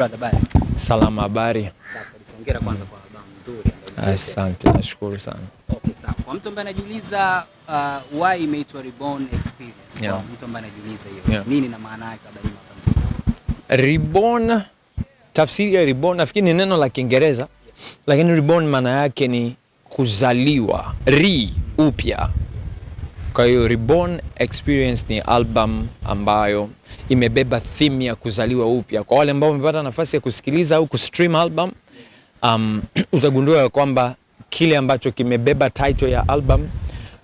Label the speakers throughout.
Speaker 1: brother, bye.
Speaker 2: Salama, habari? Hongera kwanza kwa albamu nzuri. Asante, nashukuru sana.
Speaker 1: Okay, sawa. Kwa mtu ambaye anajiuliza uh, why imeitwa Reborn Experience. Kwa mtu ambaye anajiuliza hiyo yeah. nini na maana yake habari
Speaker 2: Reborn, tafsiri ya reborn nafikiri ni neno la Kiingereza, lakini reborn maana yake ni kuzaliwa, re upya. Kwa hiyo Reborn Experience ni album ambayo imebeba theme ya kuzaliwa upya. Kwa wale ambao wamepata nafasi ya kusikiliza au kustream album, um, utagundua kwamba kile ambacho kimebeba title ya album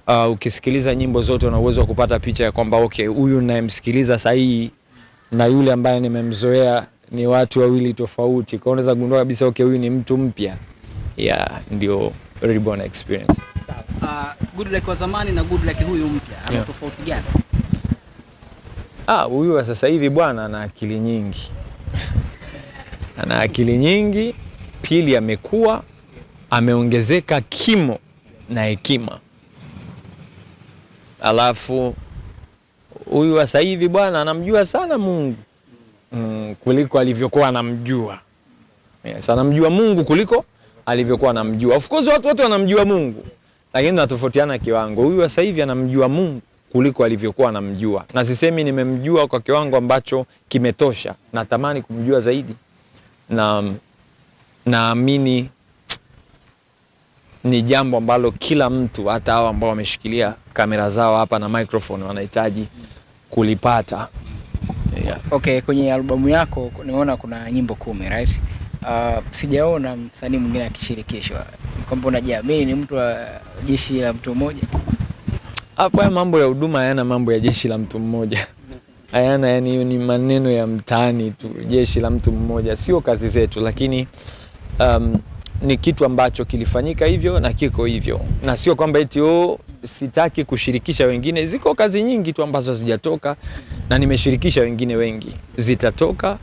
Speaker 2: uh, ukisikiliza nyimbo zote una uwezo wa kupata picha ya kwamba okay, huyu ninayemsikiliza sahihi na yule ambaye nimemzoea ni watu wawili tofauti. Kwa hiyo unaweza gundua kabisa okay, huyu ni mtu mpya. Yeah, ndio Reborn Experience
Speaker 1: uh, Goodluck wa zamani na Goodluck huyu mpya ana yeah. tofauti gani?
Speaker 2: Ah, huyu wa sasa hivi bwana ana akili nyingi ana akili nyingi. Pili, amekuwa ameongezeka kimo na hekima. Alafu huyu wa sasa hivi bwana anamjua sana Mungu mm, kuliko alivyokuwa anamjua yes, anamjua Mungu kuliko alivyokuwa anamjua. Of course watu wote wanamjua Mungu, lakini tunatofautiana kiwango. Huyu sasa hivi anamjua Mungu kuliko alivyokuwa anamjua, na sisemi nimemjua kwa kiwango ambacho kimetosha, natamani kumjua zaidi, na naamini ni jambo ambalo kila mtu hata hao ambao wameshikilia kamera zao hapa na microphone wanahitaji kulipata.
Speaker 1: Yeah. Okay, kwenye albamu yako nimeona kuna nyimbo kumi, right? Uh, sijaona msanii mwingine akishirikishwa kwamba unajiamini ni mtu wa jeshi la mtu mmoja?
Speaker 2: Hapo haya mambo ya huduma hayana mambo ya jeshi la mtu mmoja hayana, yani ni maneno ya mtaani tu, jeshi la mtu mmoja, sio kazi zetu, lakini um, ni kitu ambacho kilifanyika hivyo na kiko hivyo, na sio kwamba eti oh, sitaki kushirikisha wengine. Ziko kazi nyingi tu ambazo zijatoka na nimeshirikisha wengine wengi, zitatoka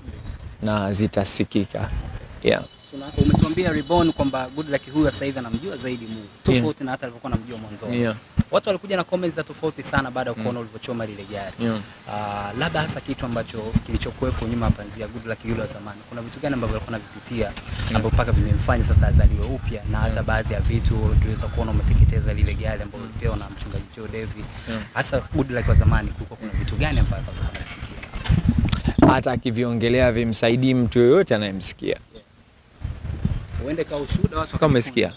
Speaker 2: na zitasikika yeah
Speaker 1: umetuambia Reborn kwamba Goodluck huyu sasa hivi anamjua zaidi Mungu tofauti yeah. na hata alivyokuwa anamjua mwanzo yeah. Watu walikuja na comments za tofauti sana baada ya kuona mm. ulivyochoma lile gari yeah. Uh, labda hasa kitu ambacho kilichokuwepo nyuma panzia Goodluck yule wa zamani, kuna vitu gani ambavyo alikuwa anavipitia yeah. ambapo paka vimemfanya sasa azaliwe upya na hata yeah. baadhi ya vitu tuweza kuona umeteketeza lile gari ambapo ambalo mm. pia na mchungaji Joe Devi hasa yeah. Goodluck wa zamani, kulikuwa kuna vitu gani ambavyo alikuwa anavipitia?
Speaker 2: Hata akiviongelea vimsaidii mtu yoyote anayemsikia yeah
Speaker 1: uende kwa ushuhuda watu
Speaker 2: kama umesikia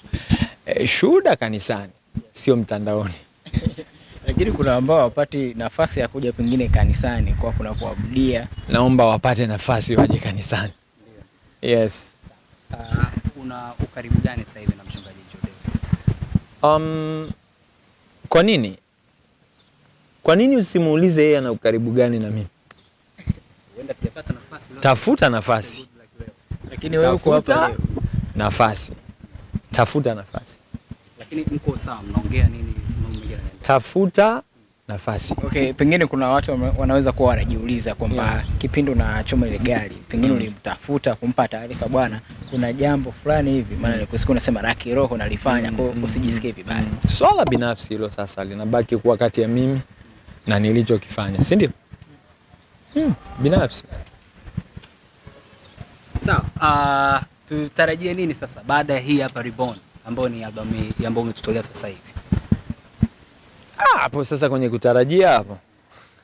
Speaker 2: e, shuhuda kanisani yes. sio mtandaoni
Speaker 1: lakini kuna ambao wapati nafasi ya kuja pengine kanisani kwa kuna kuabudia,
Speaker 2: naomba wapate nafasi waje kanisani. Yes.
Speaker 1: Uh, una ukaribu gani sasa hivi na mchungaji Jode?
Speaker 2: Um, kwa nini kwa nini usimuulize yeye ana ukaribu gani na mimi? uenda Tafuta nafasi, tafuta nafasi.
Speaker 1: Lakini wewe uko hapa leo
Speaker 2: nafasi, tafuta nafasi.
Speaker 1: Lakini mko sawa, mnaongea nini?
Speaker 2: Tafuta nafasi.
Speaker 1: Okay, pengine kuna watu wanaweza kuwa wanajiuliza kwamba yeah, kipindi unachoma ile gari pengine mm, ulimtafuta kumpa taarifa, bwana, kuna jambo fulani hivi, maana nilikusikia mm. unasema la kiroho nalifanya, mm, kwa mm, usijisikie vibaya.
Speaker 2: Swala binafsi hilo sasa linabaki kuwa kati ya mimi na nilichokifanya, si ndio? Hmm, binafsi
Speaker 1: sawa. So, uh... Ah, tutarajie nini sasa baada ya hii hapa Reborn ambayo ni albamu ambayo umetutolea sasa hivi?
Speaker 2: Ah, hapo sasa kwenye kutarajia hapo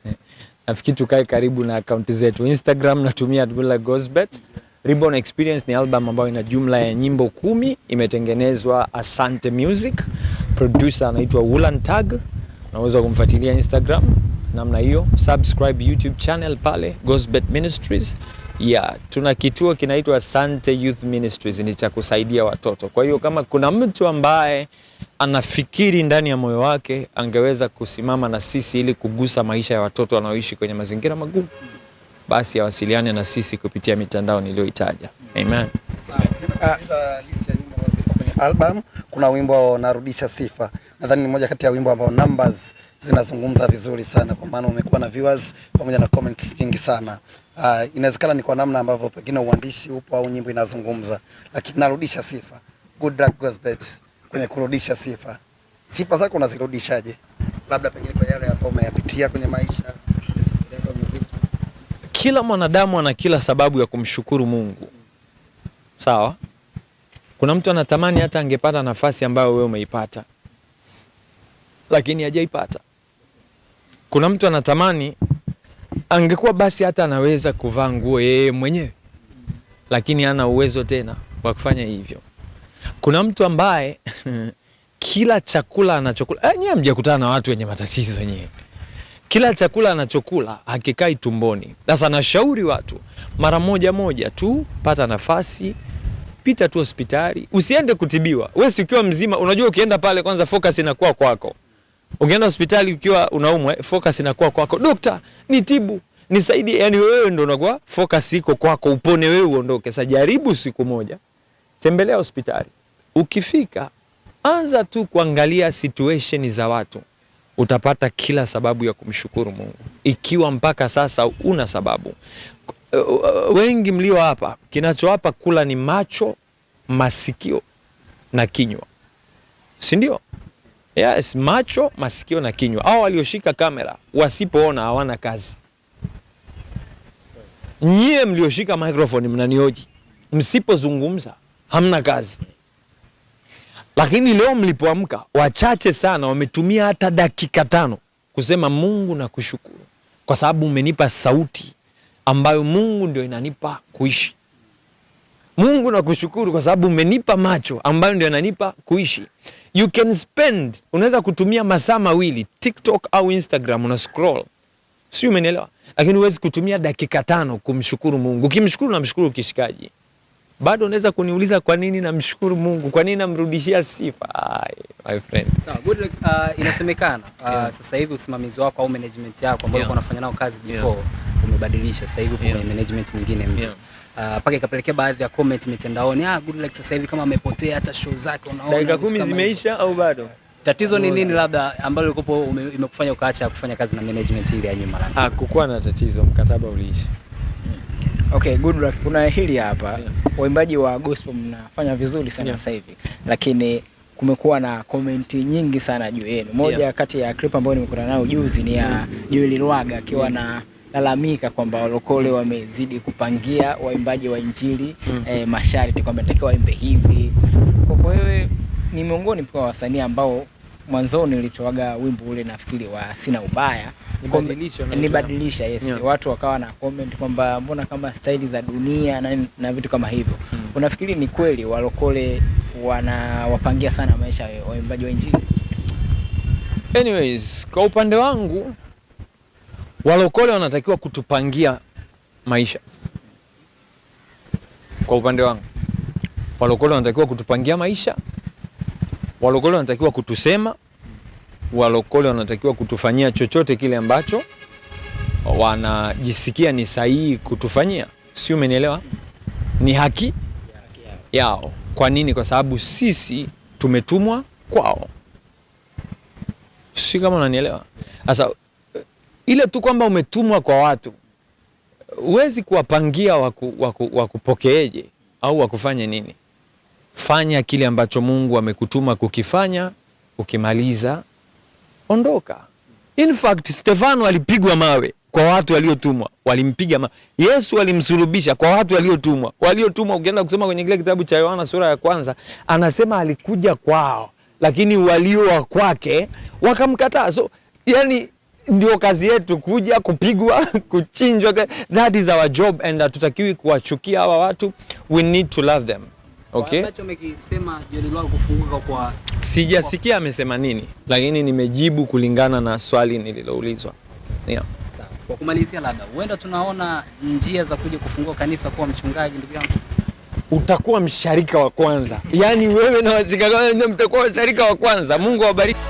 Speaker 2: nafikiri tukae karibu na akaunti zetu Instagram, natumia @gospelbet. Reborn Experience ni album ambayo ina jumla ya nyimbo kumi, imetengenezwa Asante Music, producer anaitwa Wulan Tag, unaweza kumfuatilia Instagram namna hiyo, subscribe YouTube channel pale gosbet Ministries. Yeah, tuna kituo kinaitwa Sante Youth Ministries, ni cha kusaidia watoto. Kwa hiyo kama kuna mtu ambaye anafikiri ndani ya moyo wake angeweza kusimama na sisi ili kugusa maisha ya watoto wanaoishi kwenye mazingira magumu, basi awasiliane na sisi kupitia mitandao niliyoitaja. Amen.
Speaker 1: Album kuna wimbo narudisha sifa, nadhani ni moja kati ya wimbo ambao numbers zinazungumza vizuri sana, kwa maana umekuwa na viewers pamoja na comments nyingi sana. Uh, inawezekana ni kwa namna ambavyo pengine uandishi upo au nyimbo inazungumza, lakini narudisha sifa. Good luck Gospel kwenye kurudisha sifa. Sifa zako unazirudishaje? Labda pengine kwa yale ambayo umeyapitia kwenye maisha.
Speaker 2: Kila mwanadamu ana kila sababu ya kumshukuru Mungu, sawa. Kuna mtu anatamani hata angepata nafasi ambayo wewe umeipata, lakini hajaipata. Kuna mtu anatamani Angekuwa basi hata anaweza kuvaa nguo yeye mwenyewe, lakini hana uwezo tena wa kufanya hivyo. Kuna mtu ambaye kila chakula anachokula, eh, nyewe mjakutana na watu wenye matatizo nyewe, kila chakula anachokula hakikai tumboni. Sasa nashauri watu mara moja moja tu, pata nafasi pita tu hospitali, usiende kutibiwa. Wewe si ukiwa mzima, unajua ukienda pale kwanza focus inakuwa kwako. Ukienda hospitali ukiwa unaumwa, eh, focus inakuwa kwako, dokta nitibu nisaidie. Yani wewe ndio unakuwa focus iko kwako, upone wewe uondoke. Sasa jaribu siku moja, tembelea hospitali. Ukifika anza tu kuangalia situation za watu, utapata kila sababu ya kumshukuru Mungu, ikiwa mpaka sasa una sababu. Wengi mlio hapa, kinachowapa kula ni macho, masikio na kinywa, si ndio? yes, macho, masikio na kinywa. Hao walioshika kamera wasipoona hawana kazi. Nyie mlioshika microphone mnanioji, msipozungumza hamna kazi. Lakini leo mlipoamka, wachache sana wametumia hata dakika tano kusema Mungu na kushukuru kwa sababu umenipa sauti ambayo Mungu ndio inanipa kuishi. Mungu nakushukuru kwa sababu umenipa macho ambayo ndio yananipa kuishi. You can spend, unaweza kutumia masaa mawili TikTok au Instagram una scroll, sio? umenielewa? Lakini huwezi kutumia dakika tano kumshukuru Mungu. Ukimshukuru namshukuru kishikaji, bado unaweza kuniuliza kwa nini namshukuru Mungu, kwa nini namrudishia sifa? Ay, my friend.
Speaker 1: Sawa, good luck. Uh, inasemekana uh, yeah. Sasa hivi usimamizi wako au management yako ambao yeah. unafanya nao kazi before yeah. umebadilisha sasa hivi yeah. kwenye management nyingine mpya yeah. Ah, mpaka uh, ikapelekea baadhi ya comment mitandaoni, ah, luck sasa hivi kama amepotea hata show zake,
Speaker 2: unaona dakika kumi zimeisha au bado
Speaker 1: tatizo ni nini labda ambalo likopo imekufanya ukaacha kufanya kazi na management ile ya nyuma?
Speaker 2: Ah, kukuwa na tatizo, mkataba uliisha.
Speaker 1: Okay, luck. kuna hili hapa yeah. Waimbaji wa gospel mnafanya vizuri sana yeah. Sasa hivi lakini kumekuwa na komenti nyingi sana juu yenu. Moja yeah. kati ya clip ambayo nimekutana nayo juzi ni ya Joel Lwaga akiwa yeah. na lalamika kwamba walokole wamezidi kupangia waimbaji wa Injili mm. eh, masharti kwamba natakiwa waimbe hivi. Kwa wewe ni miongoni mwa wasanii ambao mwanzoni ulitoaga wimbo ule nafikiri wa sina ubaya nibadilisha yes. Yeah. Watu wakawa na comment kwamba mbona kama staili za dunia na, na vitu kama hivyo mm. Unafikiri ni kweli walokole wanawapangia sana maisha waimbaji wa Injili?
Speaker 2: Anyways, kwa upande wangu Walokole wanatakiwa kutupangia maisha. Kwa upande wangu, walokole wanatakiwa kutupangia maisha, walokole wanatakiwa kutusema, walokole wanatakiwa kutufanyia chochote kile ambacho wanajisikia ni sahihi kutufanyia, si umenielewa? Ni haki yao. Kwa nini? Kwa sababu sisi tumetumwa kwao, si kama unanielewa? Sasa ile tu kwamba umetumwa kwa watu, huwezi kuwapangia waku, waku, wakupokeeje au wakufanye nini. Fanya kile ambacho Mungu amekutuma kukifanya, ukimaliza ondoka. In fact, Stefano alipigwa mawe kwa watu waliotumwa, walimpiga mawe. Yesu alimsulubisha kwa watu waliotumwa, waliotumwa. Ukienda kusoma kwenye kile kitabu cha Yohana sura ya kwanza, anasema alikuja kwao, lakini walio wa kwake wakamkataa. So yani ndio kazi yetu, kuja kupigwa, kuchinjwa. That is our job and hatutakiwi kuwachukia hawa watu, we need to love them. Okay. Kwa... sijasikia amesema nini, lakini nimejibu kulingana na swali nililoulizwa. Yeah.
Speaker 1: Kwa kumalizia, labda huenda tunaona njia za kuja kufungua kanisa kuwa mchungaji, ndugu yangu
Speaker 2: utakuwa msharika wa kwanza, yaani wewe na washikaji mtakuwa msharika wa kwanza. Mungu awabariki.